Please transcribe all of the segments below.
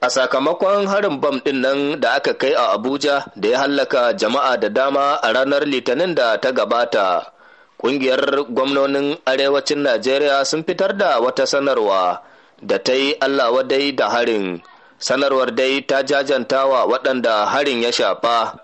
a sakamakon harin bam ɗin nan da aka kai a abuja da ya hallaka jama'a da dama a ranar litinin da ta gabata ƙungiyar gwamnonin arewacin najeriya sun fitar da wata sanarwa da ta yi allah wadai da harin sanarwar dai ta jajantawa waɗanda harin ya shafa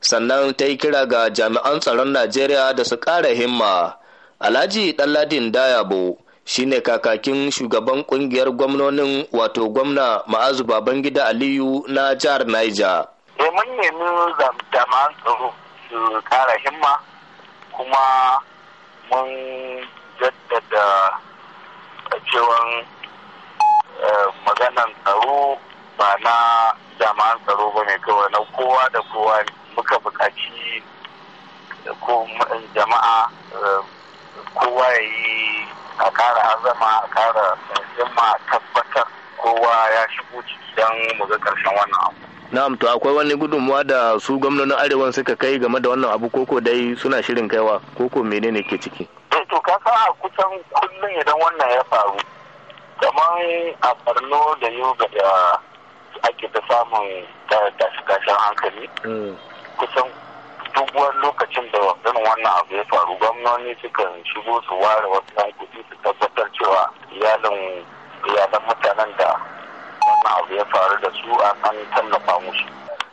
sannan ta yi kira ga jami'an tsaron najeriya da su ƙara himma alhaji ɗanladin dayabo shine kakakin shugaban kungiyar gwamnonin wato gwamna ma'azu babangida aliyu na jihar niger eh, mun nemi jama'an tsoro su kara himma kuma mun jaddada cewan eh, maganan tsaro ba na jama'an tsaro ba ne kawai na kowa da kowa muka buƙaci jama'a eh, kowa ya yi a kara azama a kara himma tabbatar kowa ya shigo ciki don mu ga karshen wannan abu na'am to akwai wani gudunmuwa da su gwamnonin arewa suka kai game da wannan abu koko dai suna shirin kaiwa koko menene ke ciki to ka a kusan kullum idan wannan ya faru kamar a barno da yoga da ake ta samun tashi-tashin hankali mm. kusan duk wani lokacin da wakilin wannan abu ya faru gwamnoni sukan shigo su ware wasu yan kudi su tabbatar cewa iyalin iyalan mutanen da wannan abu ya faru da su a kan tallafa musu.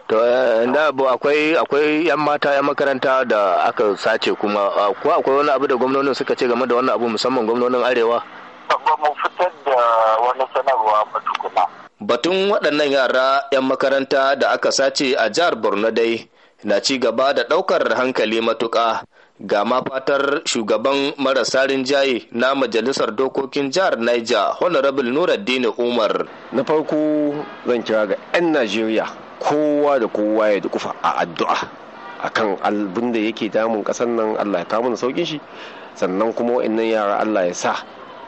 To eh, da abu akwai akwai yan mata yan makaranta da aka sace kuma ko akwai wani abu da gwamnonin suka ce game da wannan abu musamman gwamnonin arewa. Ba mu fitar da wani sanarwa ba tukuna. Batun waɗannan yara 'yan makaranta da aka sace a jihar Borno dai na ci gaba da ɗaukar hankali matuƙa ga mafatar fatar shugaban marasa rinjaye na majalisar dokokin jihar Niger Honorable Nuruddin Umar. Na farko zan kira ga 'yan Najeriya kowa da kowa ya dukufa a addu'a akan abin da yake damun ƙasar nan Allah ya kawo saukin shi sannan kuma wa'annan yara Allah ya sa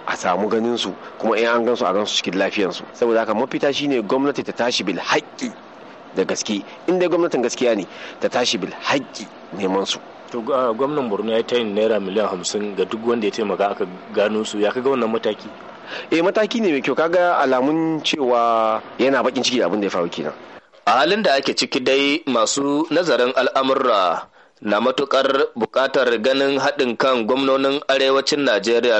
a samu ganin su kuma in an gan su a gan su cikin lafiyansu saboda haka mafita shine gwamnati ta tashi bil haƙƙi da gaske inda gwamnatin gaskiya ne ta tashi bil haƙƙi neman su to ah, gwamnan borno ya tayin naira miliyan hamsin ga duk wanda ya taimaka aka gano su ya kaga wannan mataki eh mataki ne mai kyau kaga alamun cewa yana bakin ciki abin da ya faru kenan a halin da ake ciki dai masu nazarin al'amurra na matukar bukatar ganin haɗin kan gwamnonin arewacin najeriya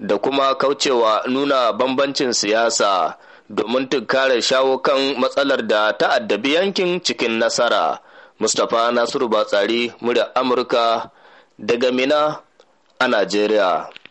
da kuma kaucewa nuna bambancin siyasa domin tunkarar shawo kan matsalar da ta addabi yankin cikin nasara. Mustapha Nasiru Batsari, murya Amurka daga Mina a Najeriya.